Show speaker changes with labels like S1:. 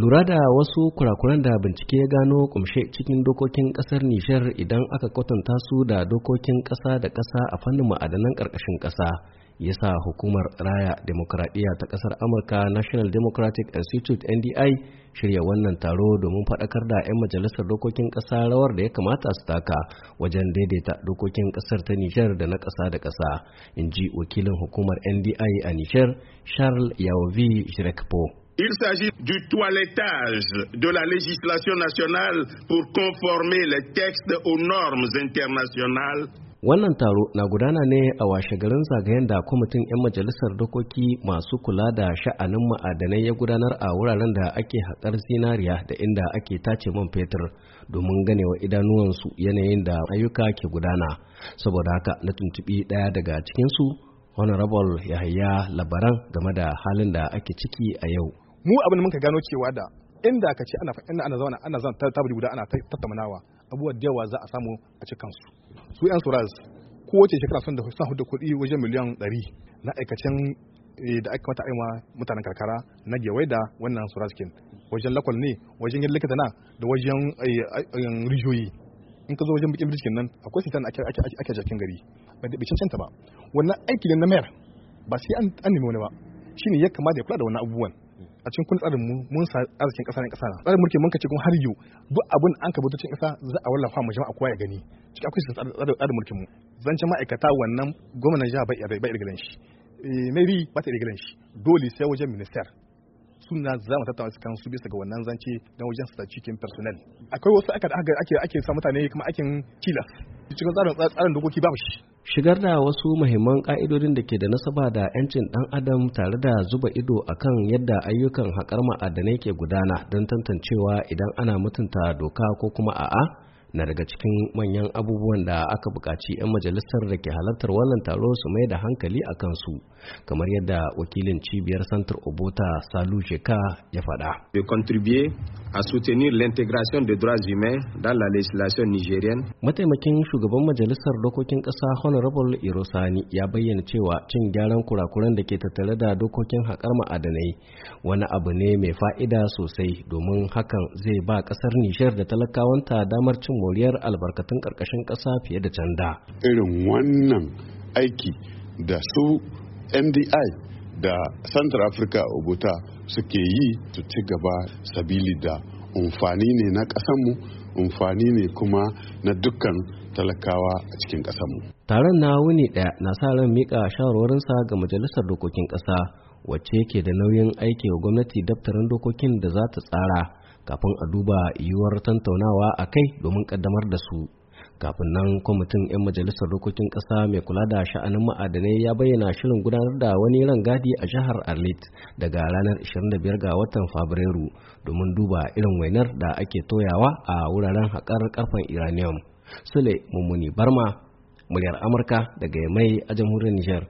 S1: lura da wasu kurakuran da bincike ya gano kumshe cikin dokokin kasar nishar idan aka kwatanta su da dokokin kasa da kasa a fannin ma'adanan karkashin kasa ya sa hukumar raya demokradiyya ta kasar amurka national democratic institute ndi shirya wannan taro domin faɗakar da 'yan majalisar dokokin ƙasa rawar da ya kamata su taka wajen daidaita dokokin ƙasar ta nishar da na ƙasa da ƙasa in ji wakilin hukumar ndi a nishar charles yaovi shrekpo
S2: Il s'agit du toilettage de la législation nationale pour conformer les textes aux normes internationales.
S1: Wannan taro na gudana ne a washe garin zagayen da kwamitin 'yan majalisar dokoki masu kula da sha'anin ma'adanai ya gudanar a wuraren da ake haƙar zinariya da inda ake tace man fetur domin ganewa idanuwansu yanayin da ayyuka ke gudana. Saboda haka na tuntuɓi ɗaya daga cikinsu, Honorable Yahaya Labaran game da halin da ake ciki a yau.
S2: mu abin mun ka gano cewa da inda ka ce ana ana zauna ana zan tabari guda ana tattaunawa abubuwan da yawa za a samu a cikin su su yan suraz kowace shekara sun da sun hudu kuɗi wajen miliyan 100 na aikacin eh, da aka mata aima mutanen karkara na gewai da wannan suraskin wajen lakwal ne wajen yin likita na da wajen eh, eh, rijiyoyi in ka zo wajen bikin birkin nan akwai sitan ake ake jakin gari ba da bicin ba wannan aiki ne na mayar ba sai an nemi wani ba shine ya kamata ya kula da wannan abubuwan a cikin kun tsarin mun sa arzikin kasa ne kasa na tsarin mulki mun kace kun har yau duk abin an ka bututun kasa za a wallafa mu jama'a kowa ya gani cikin akwai tsarin mulkin mu zancen ma'aikata wannan gwamnatin jiha bai bai irgilan shi eh, maybe ba ta irgilan shi dole sai wajen minister suna za mu tattauna kan su bisa ga wannan zance na wajen cikin personnel akwai wasu aka ake ake sa mutane kuma akin kila. cikin tsarin tsarin dokoki ba shi
S1: shigar da wasu muhimman ƙa'idodin da ke da nasaba da 'yancin ɗan adam tare da zuba ido akan yadda ayyukan haƙar ma'adanai ke gudana don tantancewa idan ana mutunta doka ko kuma a'a na daga cikin manyan abubuwan da aka buƙaci 'yan majalisar da ke halartar wannan taro su mai da hankali a kansu kamar yadda wakilin cibiyar santar obota salu sheka ya faɗa.
S2: de contribuer à soutenir l'intégration des droits humains dans la législation nigérienne.
S1: mataimakin shugaban majalisar dokokin ƙasa honorable irosani ya bayyana cewa cin gyaran kurakuran da ke tattare da dokokin haƙar ma'adanai wani abu ne mai fa'ida sosai domin hakan zai ba ƙasar nishar da talakawanta damar cin moriyar albarkatun ƙarƙashin ƙasa fiye da canda. Irin wannan aiki da su NDI da Central Africa Obuta suke yi su ci
S2: gaba sabili da umfani ne na ƙasanmu umfani ne kuma na dukkan talakawa a cikin ƙasanmu.
S1: Taron na wuni ɗaya na sa ran miƙa shawarwarinsa ga Majalisar Dokokin Ƙasa wacce ke da nauyin aiki wa gwamnati daftarin dokokin da za ta tsara kafin a duba yiwuwar tantaunawa a kai domin kaddamar da su kafin nan kwamitin 'yan majalisar dokokin ƙasa mai kula da sha'anin ma'adanai ya bayyana shirin gudanar da wani rangadi a jihar arlit daga ranar 25 ga watan fabrairu domin duba irin wainar da ake toyawa a wuraren haƙar ƙarfen iranium sule mummuni barma muryar amurka daga mai a jamhuriyar niger